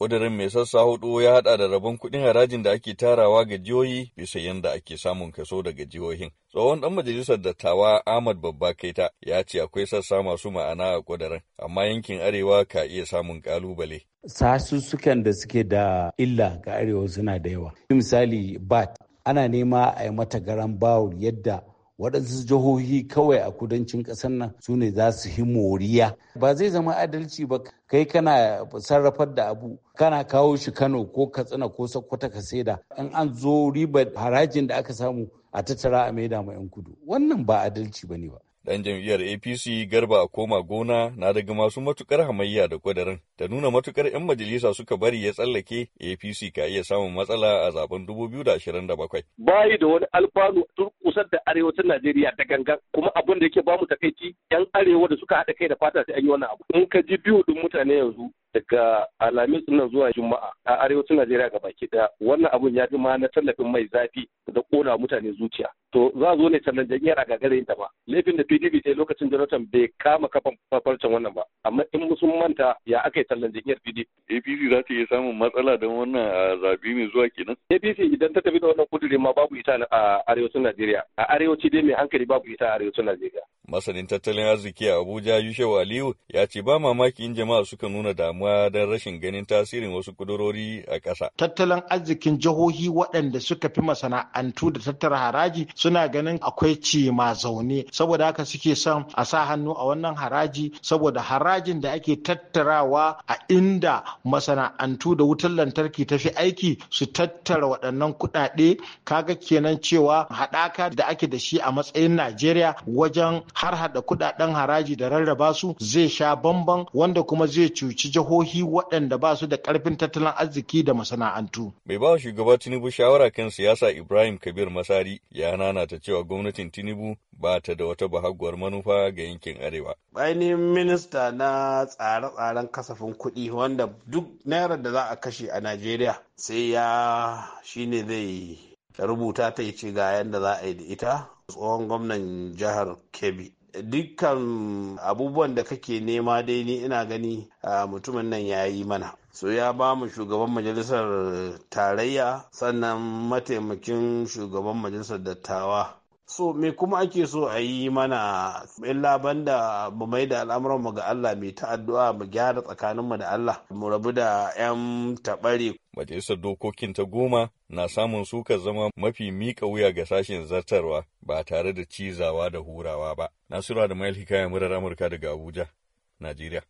Ƙudurin mai sassa hudu ya haɗa da rabon kuɗin harajin da ake tarawa ga jihohi bisa yadda ake samun kaso daga jihohin. Tsohon ɗan majalisar dattawa Ahmad Babba Kaita ya ce akwai sassa masu ma'ana a ƙudurin, amma yankin Arewa ka iya samun ƙalubale. Sasussukan da suke da illa ga Arewa suna da yawa. Misali BAT ana nema a yi mata garan bawul yadda waɗansu jihohi kawai a kudancin ƙasar nan su ne za su yi moriya ba zai zama adalci ba kai kana sarrafar da abu kana kawo shi kano ko katsina ko sokoto ka saida in an zo ribar harajin da aka samu a tattara a maida ma 'yan kudu wannan ba adalci ba ne ba Ɗan jam'iyyar APC Garba a koma gona na daga masu matukar hamayya da kwadarin da nuna matukar 'yan majalisa suka bari ya tsallake APC ka iya samun matsala a zaben 2027. Bayi da wani alfanu turkusar da arewacin Najeriya da gangan kuma abin da yake bamu takaici 'yan arewa da suka haɗa kai da fata sai an yi wani abu. In ka ji biyu ɗin mutane yanzu daga alhamis nan zuwa juma'a a arewacin najeriya ga baki daya wannan abun ya fi ma na tallafin mai zafi da kona mutane zuciya to za a zo ne tallan jam'iyyar a gagarin ta ba laifin da pdp ta lokacin da jonathan bai kama kafan farfarcen wannan ba amma in sun manta ya aka yi tallan jam'iyyar pdp apc za ta iya samun matsala don wannan a zabi mai zuwa kenan apc idan ta tafi da wannan kudurin ma babu ita a arewacin najeriya a arewaci dai mai hankali babu ita a arewacin najeriya Masanin tattalin arziki a Abuja yushe Aliyu ya ce ba mamaki in jama'a suka nuna damuwa don rashin ganin tasirin wasu kudurori a ƙasa. Tattalin arzikin jihohi waɗanda suka fi masana'antu da tattara haraji suna ganin akwai ci ma zaune saboda haka suke son a sa hannu a wannan haraji saboda harajin da ake tattarawa a inda masana'antu da wutar lantarki ta fi aiki su tattara waɗannan kuɗaɗe kaga kenan cewa haɗaka da ake da shi a matsayin Najeriya wajen har hada kudaden haraji da rarraba su zai sha bamban wanda kuma zai cuci jihohi waɗanda ba su da karfin tattalin arziki da masana'antu. Mai ba shugaba Tinubu shawara kan siyasa Ibrahim Kabir Masari ya nana ta cewa gwamnatin Tinubu ba ta da wata bahaguwar manufa ga yankin Arewa. Ainihin minista na tsare-tsaren kasafin kuɗi wanda duk naira da za a kashe a Najeriya sai ya shine zai ta rubuta ta ce ga yadda za a yi da ita tsohon gwamnan jihar kebbi dukkan abubuwan da kake nema dai ni ina gani mutumin nan ya yi mana so ya ba mu shugaban majalisar tarayya sannan mataimakin shugaban majalisar dattawa so me kuma ake so a yi mana illa banda mu mai da al'amuranmu ga Allah mai ta addu'a mu gyara tsakanin mu da Allah mu rabu da 'yan taɓare. Majalisar dokokin ta goma na samun suka zama mafi mika wuya ga sashen zartarwa ba tare da cizawa da hurawa ba. Nasura da Mayel Hikaya murar Amurka daga Abuja, Najeriya.